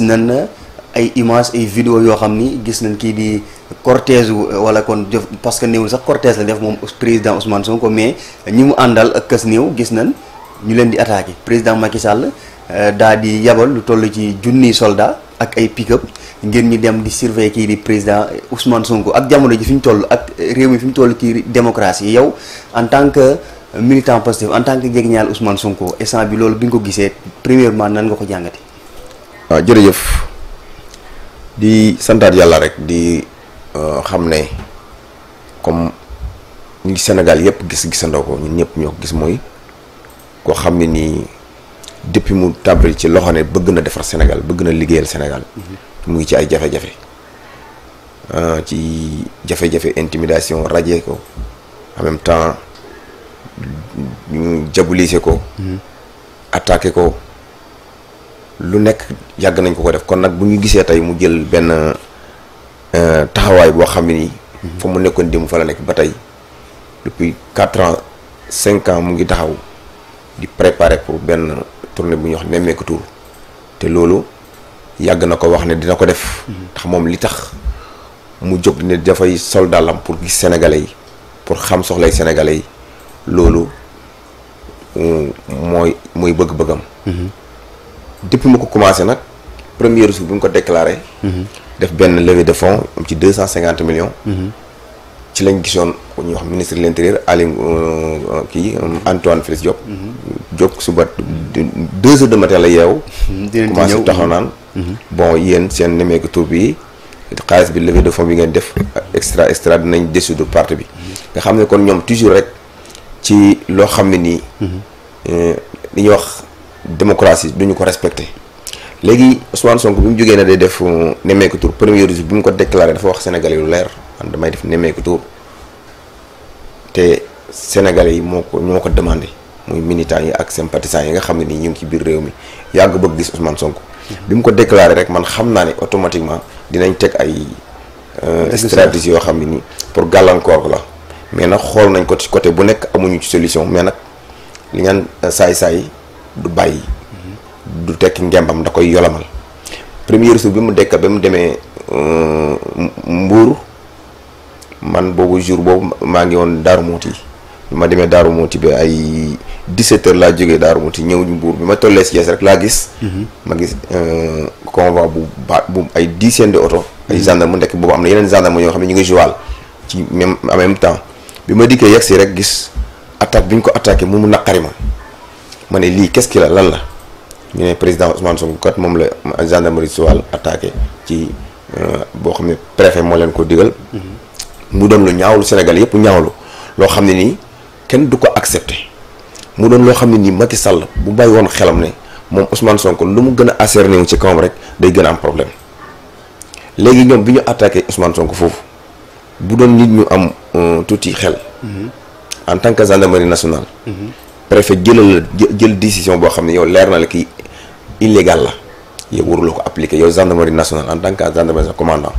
nañ na ay images ay vidéo yoo xam ni gis nañ kii di cortège wala kon jëf parce que néewul sax cortège la def moom président Ousmane Sonko mais ñi mu àndal ak kës néew gis nañ ñu leen di attaqué président Macky Sall euh, daa di yabal lu toll ci junniy soldat ak ay pick-up ngir ñu dem di surveiller kii di président Ousmane Sonko ak jamono ji fi ñu toll ak réew mi fi ñu toll ci démocratie yow en tant que militant Pastef en tant que jegeñaal Ousmane Sonko instant bi loolu bi nga ko gisee premièrement nan nga ko jàngate waaw jërëjëf di santaat yàlla rek di euh, xam ne comme ngi Sénégal yëpp gis gisandoo ko ñun ñëpp ñoo gis mooy koo xam ne nii depuis mu tàmbali ci loxo ne bëgg na defar Sénégal bëgg na liggéeyal Sénégal mhm. mu ngi ci ay jafe-jafe euh, ci jafe-jafe intimidation rajee ko en même temps ñu jabuliise ko mhm. attaqué ko lu nekk yàgg nañ ko ko def kon nag bu ñu gisee tey mu jël benn euh, taxawaay boo xam ne nii. fa mu nekkoon démb fa la nekk ba tey depuis quatre ans cinq ans mu ngi taxaw di préparer pour benn tournée bu ñu wax nemmeeku tour te loolu yàgg na ko wax ne dina ko def. ndax moom li tax mu jóg ne dafay sol pour gis sénégalais yi pour xam soxlay sénégalais yi loolu euh, mooy mooy bëgg-bëggam. Mm-hmm. depuis ma ko commencé nag première jour bi mu ko déclaré. Mhm. def benn levée de fond am ci deux cent cinquante millions. Mhm. ci lañ gisoon ku ñuy wax ministre de l'intérieur Alim euh, euh, kii Antoine Félix Diop. Mhm. Diop suba deux heures de matin la yeewu. dinañ commencé naan. bon yéen seen nemmeeku tur bi xaalis bi levée de fonds bi ngeen def extra extra dinañ dissoudre parti bi. nga xam ne kon ñoom toujours rek ci loo xam ne nii. Euh, li ñuy wax. démocratie duñu ko respecté léegi Ousmane Sonko bi mu jógee na day def euh, nemmeeku tour premier jour bi mu ko déclaré dafa wax Sénégalais lu leer man damay def nemmeeku tour te Sénégalais yi moo ko ñoo ko demande muy militants yi ak sympathisants yi nga xam ne nii ñu ngi ci biir réew mi yàgg bëgg gis Ousmane Sonko. Mhm. bi mu ko déclaré rek man xam naa ne automatiquement dinañ teg ay. Euh, stratégie yoo xam ne nii pour gàllankoor la. mais nag xool nañ ko ci côté bu nekk amuñu ci solution mais nag li ngeen euh, saay saay. du bàyyi. du tekki ngembam da koy yolamal. premier jour bi mu dekk ba mu demee euh, Mbour man boobu jour boobu maa ngi woon Darou Mouti bi ma demee daaru Mouti bi ay 17h laa jógee Darou Mouti ñëw mbuur bi ma tollee si Thiès rek laa gis. Mhm. ma gis euh, convoi bu ba bu ay dizaine de oto. ay mhm. gendarme mu nekk boobu am na yeneen gendarme yoo xam ne ñu ngi Joal ci même en même temps bi ma dikkee yegg si rek gis attaque bi ñu ko attaqué mu mu naqari ma. ma ne lii qu'est-ce qu'il lan la ñu ne président Ousmane Sonko kat moom la gendarmerie suwal attaqué ci euh, boo xam ne préfet moo leen ko digal. Mm-hmm. mu doon lu ñaawlu Sénégal yëpp ñaawlu loo xam ne nii kenn du ko accepté mu doon loo xam ne nii Macky sàll bu bàyyi woon xelam ne moom Ousmane sonk lu mu gën a acharné wu ci kawam rek day gën a am problème léegi ñoom bi ñu attaqué Ousmane sonk foofu bu doon nit ñu am euh, tuuti xel. Mm-hmm. en tant que gendarmerie nationale. Mm-hmm. préfet jëlal la jël décision boo xam ne yow leer na la kii illégal la yow waruloo ko appliquer yow gendarmerie nationale en tant que gendarmerie commandant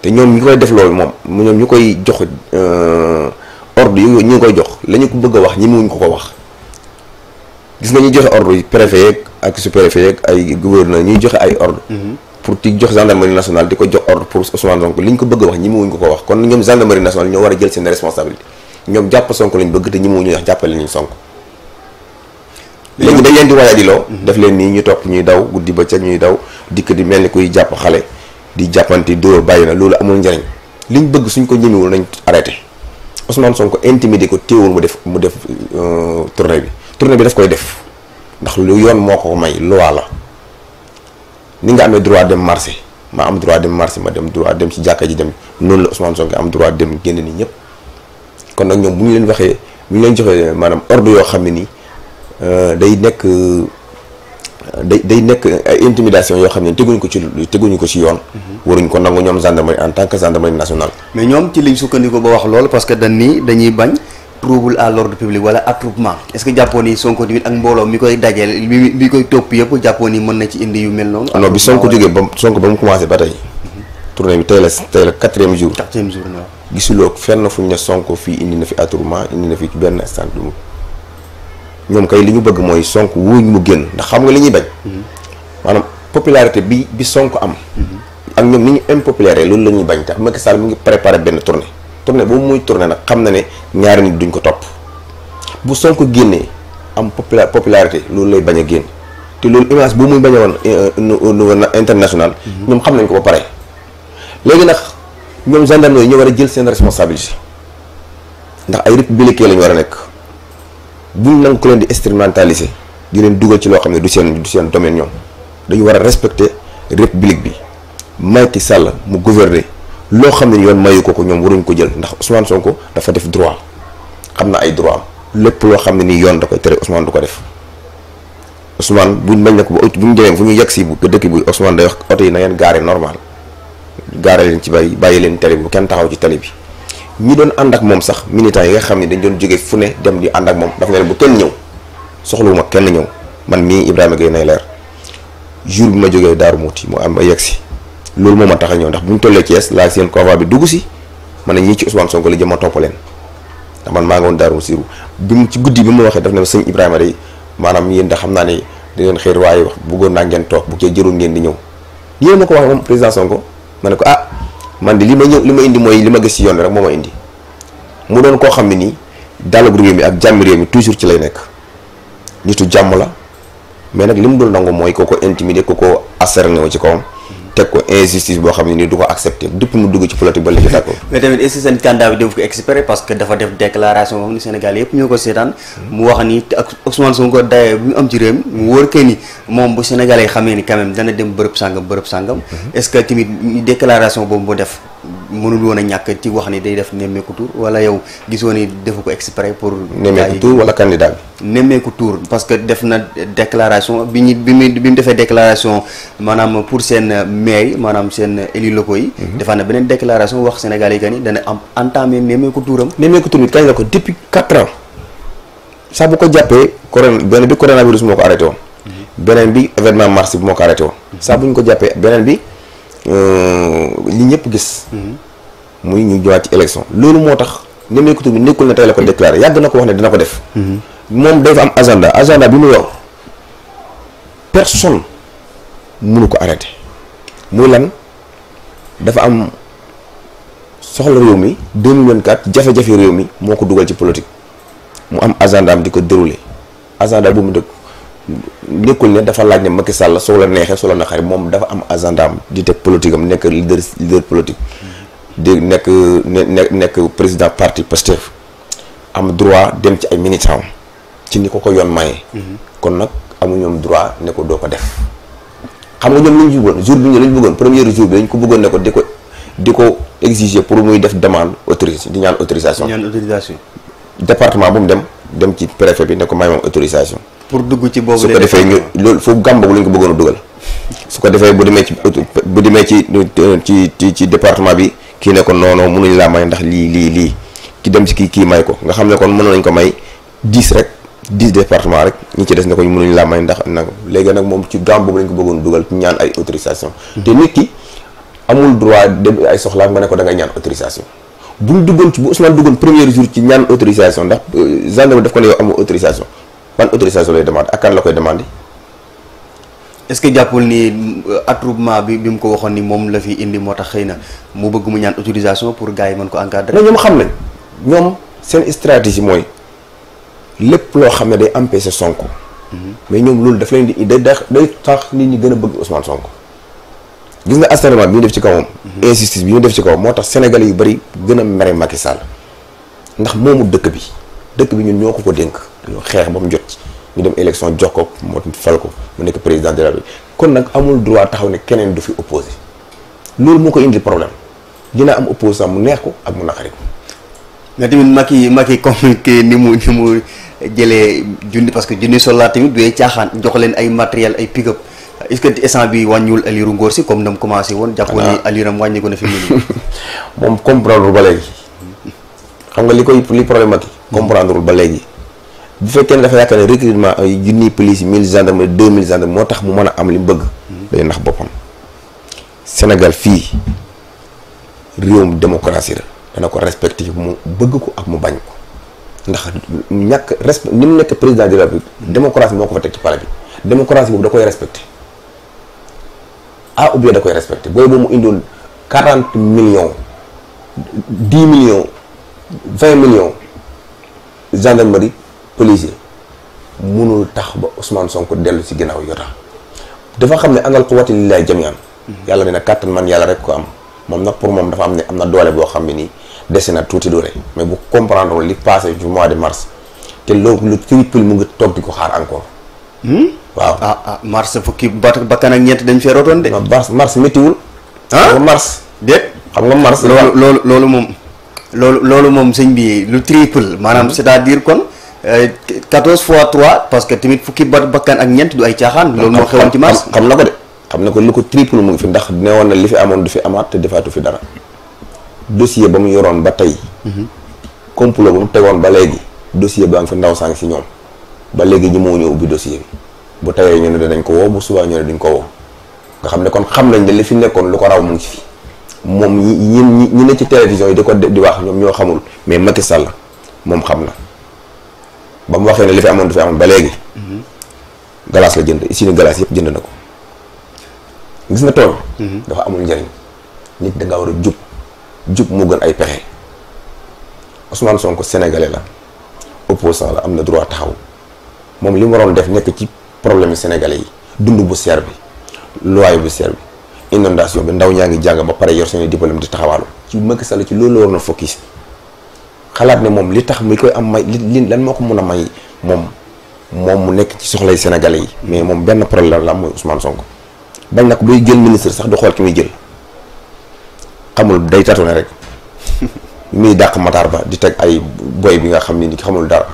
te ñoom ñu koy def loolu moom ñoom ñu koy jox euh, ordre yi ñu koy jox la ñu bëgg wax ñi muñ ko ko wax ak sous-préfet yeeg ay gouverneur ñuy joxe ay ordre mhm. pour di jox gendarmerie nationale di ko jox ordre pour Ousmane Sonko li ñu ko bëgg wax ñi muñ ko ko wax kon ñoom gendarmerie nationale ñoo war a jël seen responsabilité ñoom jàpp sonko lañu bëgg te ñi mu ñu wax jàppale nañ sonk léegi dañ leen di waya di loo mhm. def leen nii ñu topp ñuy daw guddi ba ca ñuy daw dikk di mel ni kuy jàpp xale di jàppante dóor bàyyi na loolu amul njariñ liñ bëgg suñ ko ñemewul nañ arrêté Ousmane Sonko intimidé ko téewul mu def mu def euh, tournée bi tournée bi daf koy def ndax lu yoon moo ko may loi la ni nga amee droit dem marché ma am droit dem marché ma dem droit dem ci jàkka ji dem noonu la Ousmane Sonko am droit dem génn ni ñëpp kon nag ñoom bu ñu leen waxee bu ñu leen joxee maanaam ordre yoo xam ne nii euh, day nekk euh, day nekk intimidation yoo xam ne teguñu ko ci teguñu ko ci yoon. Mhm. waruñ ko nangu ñoom gendarmerie en tant que gendarmerie nationale. mais ñoom ci liñ sukkandiku ba wax loolu parce que dañ ni dañuy bañ. trouble à l'ordre public wala attroupement est que jàppoon ni Sonko tamit ak mbooloo mi koy dajeel mi mi koy topp yëpp jàppoon ni mën na ci indi yu mel noonu. non bi Sonko jógee gisuloo fenn fuñ ne Sonko fii indi na fi attroupement indi na fi ci benn instant du ñoom kay li ñu bëgg mooy sonk wuñ mu génn ndax xam nga li ñuy bañ. Mhm. maanaam popularité bi sonk am. Mhm. ak ñoom ni ñu impopulaire loolu la ñuy bañ tax Macky Sall benn tournée tournée boobu muy tournée nag xam na ne ñaari nit duñ ko topp bu Sonko génnee am popula popularité loolu lay bañ a génn te loolu image bu muy bañ a woon euh, euh, euh, international. Mhm. ñoom xam nañ ko ba pare léegi nag. ñoom gendarme yooyu ñu war a jël seen responsabilité ndax ay républicain lañu war a nekk buñ nangu ko leen di instrumentaliser di leen dugal ci loo xam ne du seen du seen domaine ñoom dañu war a respecter république bi Macky Sall mu gouverner loo xam ne yoon mayu ko ko ñoom waruñ ko jël ndax Ousmane Sonko dafa def droit xam na ay droit am lépp loo xam ne nii yoon da koy tere Ousmane du ko def Ousmane buñ bañ na ko ba bu ñu fu ñu yegg si bu dëkk bi Ousmane day wax gaare leen ci bàyyi bàyyi leen télé bu kenn taxaw ci télé bi ñi doon ànd ak moom sax minitan yi nga xam ne dañu doon jóge fu ne dem di ànd ak moom dafa ne bu kenn ñëw soxluwuma kenn ñëw man mii Ibrahima Gueye nay leer jour bi ma jógee Daaru Muuti mu am ma yegg si loolu moo ma tax a ñëw ndax bu ñu tollee Thiès laa seen convoi bi dugg si man ne ñii ci Ousmane Sonko la jëm ma topp leen ndax man maa ngi woon Daaru Siiru bi mu ci guddi bi mu waxee daf na sëñ Ibrahima day maanaam yéen da xam naa ne da ngeen xëy waaye wax bëggoon naa ngeen toog bu kee jëroon ngeen di ñëw yéen ma ko wax moom président Sonko ma ne ko ah man de li ma ñëw li ma indi mooy li ma gis ci yoon rek moo ma indi mu doon koo xam ne nii dalub réew mi ak jàmm réew mi toujours ci lay nekk nitu jàmm la mais nag li mu dul nangu mooy ko ko intimider ko ko asserné wu ci kawam teg ko injustice boo xam ne ni du ko accepté depuis mu dugg ci politique ba léegi d'accord mais tamit est seen candidat bi def ko exprès parce que dafa def déclaration boo xam yëpp ñoo ko seetaan mu wax ni ak Ousmane Sonko am ci réew mi mu wóor ni moom bu Sénégalais xamee ni quand dana dem bërëb sàngam bërëb sàngam mhm. est-ce que tamit déclaration boobu mu def mënul woon a ñàkk ci wax ni day def nemmeeku tour wala yow gisoo ni defu ko exprès pour. nemmeeku tour wala candidat bi. nemmeeku tour parce que def na déclaration bi ñu bi bi mu defee déclaration maanaam pour seen maire maanaam seen élus locaux yi. Mhm. defaa na beneen déclaration wax Sénégal yi que ni dana am entamé nemmeeku touram. nemmeeku tour bi kañ la ko depuis quatre ans saa bu ko jàppee corona benn bi coronavirus moo ko arrêté mhm. bi événement mars bi moo ko arrêté mhm. saa bu ñu ko jàppee beneen bi. Euh, li ñëpp gis. Mhm. muy ñu jowaat ci élection loolu moo tax nemmeeku tur bi nekkul ne tey ko déclaré yàgg na ko wax ne dina ko def. Mhm. moom day fa am agenda agenda bi mu yor personne mënu ko arrêté muy lan dafa am soxla réew mi 2024 jafe-jafe réew mi moo ko dugal ci politique mu am agenda am di ko déroulé agenda bu mu dëkk. nekkul ne dafa laaj ne Macky Sall soo la neexee soo la naxaree moom dafa am agenda am di teg politique am nekk leader leader politique. di nekk ne nekk président parti Pastef am droit dem ci ay militants ci ni ko ko yoon maye. kon nag amu ñoom droit ne ko doo ko def. xam nga ñoom li ñu bëggoon jour bi ñu lañ bëggoon premier jour bi dañ ko bëggoon ne ko di ko di ko exiger pour muy def demande autorisation di ñaan autorisation. ñaan autorisation. département bu mu dem dem ci préfet bi ne ko may autorisation. pour dugg ci boobu su ko defee ñu loolu foofu gàmm bu lañ ko bëggoon a dugal su ko defee bu demee ci bu demee ci ci ci département bi kii ne ko noonu mënuñ laa may ndax lii lii lii ki dem ci kii kii may ko nga xam ne kon mënoon nañ ko may dix rek dix département rek ñi ci des ne ko ñu mënuñ laa may ndax nag léegi nag moom ci gàmm boobu lañ ko bëggoon dugal ci ñaan ay autorisation hmm. te nit ki amul droit dem ay soxlaam nga ne ko da ngay ñaan autorisation bu ñu duggoon ci bu Ousmane duggoon premier jour ci ñaan autorisation ndax euh, gendarme daf ko ne yow amul ban autorisation lay demandé ak kan la koy demandé. est-ce que jàppul nii euh, attroupement bi bi mu ko waxoon ni moom la fi indi moo tax xëy na mu bëgg mu ñaan autorisation pour gars yi mën ko encadrer. mais ñoom xam nañ ñoom seen stratégie mooy lépp loo xam ne day empêcher sonk mhm. mais ñoom loolu dafa leen di day day tax nit ñi gën a bëgg Ousmane sonk gis nga assainissement bi ñu def ci kawam. Mhm. injustice bi ñu def ci kawam moo tax sénégalais yu bari gën a mere Macky Sall ndax moomu dëkk bi. dëkk bi ñun ñoo ko ko dénk xeex ba jot ñu dem élection jox ko moo fal ko mu nekk président de la République kon nag amul droit taxaw ne keneen du fi opposé loolu moo ko indi problème dina am opposant mu neex ko ak mu naqari ko. mais tamit mag yi comme que ni mu ni mu jëlee junni parce que junni soldat tamit du jox leen ay matériel ay pick-up est-ce que instant bi wàññiwul Aliou Ngor si comme na mu commencé woon. jàpp ni Aliou Ram na fi mu moom comprendre ba léegi xam nga li koy li problème Macky comprendrewul ba léegi bu fekkee ne dafa yaakaar ne recrutement ay junniy police mille gendarmes deux mille gendarmes moo tax mu man a am li mu bëgg. day nax boppam. Sénégal fii réewum démocratie la dana ko respecté mu bëgg ko ak mu bañ ko ndax ñàkk respect ni mu nekk président de la République démocratie moo ko fa teg ci pare bi démocratie boobu da koy respecté ah ou bien da koy respecté booy boobu mu indoon quarante million dix millions vingt millions. gendarmerie policier munul tax ba Ousmane sonk dellu si ginnaaw yoo tax dafa xam ne anal ko wati lillaay jamian mhm. yàlla ne na kàttan man yàlla rek ko am moom nag pour moom dafa am ne am na doole boo xam ne nii dese na tuuti doole mais bu comprendre li passé du mois de mars te loolu lu mu ngi toog di ko xaar encore. Hmm? waaw ah ah mars fukki bakkan ak ñeent dañ fee rotoon de. mars mars méttiwul. ah mars. déet xam nga mars. loolu loolu loolu moom. loolu loolu moom sëñ bi lu triple maanaam mhm. c'est-à-dire kon euh, quatorze fois trois parce que tamit fukki ba bakkan ak ñeent du ay caaxaan. Ah, loolu moo xewoon ci xam na ko de. xam na ko lu ko triple mu ngi fi ndax ne woon na li fi amoon du fi dara dossier ba mu yoroon ba tey. Mhm. complot ba mu tegoon ba léegi dossier baa ndaw saa ngi si ñoom ba léegi ñi moo ñëw ubbi dossier bi bu tayee ñu ne danañ ko woo bu subaa ñu ne duñ ko woo nga xam ne kon xam nañ ne li fi nekkoon lu ko raw mu ngi fi. moom ñi ñi ñi ne ci télévision yi di ko di wax ñoom ñoo xamul mais Macky Sall moom xam na ba waxee ne li fi amoon du fi amoon ba léegi. Mhm. galaas la jënd usine galaas yëpp jënd na ko. gis nga tool. Mhm. dafa amul njariñ nit da war a jub jub moo gën ay pexe Ousmane Sonko sénégalais la opposant la am na droit taxaw moom li mu waroon def nekk ci problème sénégalais yi dund bu seer bi loyer bu seer bi. inondation bi ndaw ñaa ngi jàng ba pare yor seen diplôme di taxawaalu ci Macky Sall ci loolu la war na focus xalaat ne moom li tax mi koy am may li lan moo ko mun a may moom moom mu nekk ci soxlay sénégalais yi mais moom benn problème la am mooy Ousmane Sonko bañ na ko buy jël ministre sax du xool ki muy jël xamul day tatu ne rek muy dàq Matar Ba di teg ay boy bi nga xam ni xamul dara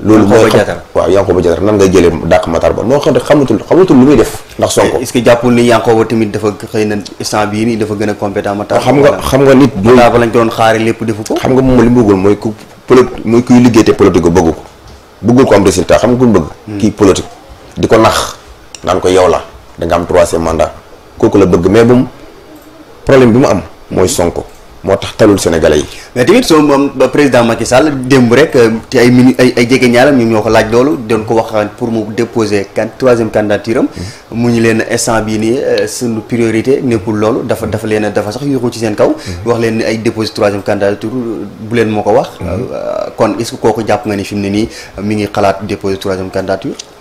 loolu mooy waaw Yankhoba Diattara nan ngay jëlee dàq Matar Ba noo xam ne xamatul xamatul lu muy def ndax Sonko est-ce que jàppul ni Yankhoba a xam nga xam nga nit Matar Ba lañ doon xaare lépp defu ko xam nga moom li mu bëggul mooy ku politique mooy kuy liggéey te politique ko bëggu ko bëggul ko am résultat xam nga kuñ bëgg hmm. kii politique di ko nax naan ko yow la danga am am troisième mandat kooku la bëgg mais bu problème bi mu am mooy sonk moo tax talul sénégalais yi. mais tamit soo moom président Macky Sall démb rek euh, ci ay mini ay ay jege ñaalam ñoom ñoo ko laaj loolu doon ko wax pour mu déposer kan troisième candidature am. Mm-hmm. mu ñu leen instant bii nii euh, suñu priorité nekkul loolu dafa dafa leen a dafa sax yuuxu ci seen kaw. Mm-hmm. wax leen ni ay déposer troisième candidature bu leen moo ko wax. Mm-hmm. Euh, kon est-ce kooku jàpp nga ni fi mu ne nii mi ngi xalaat déposer troisième candidature.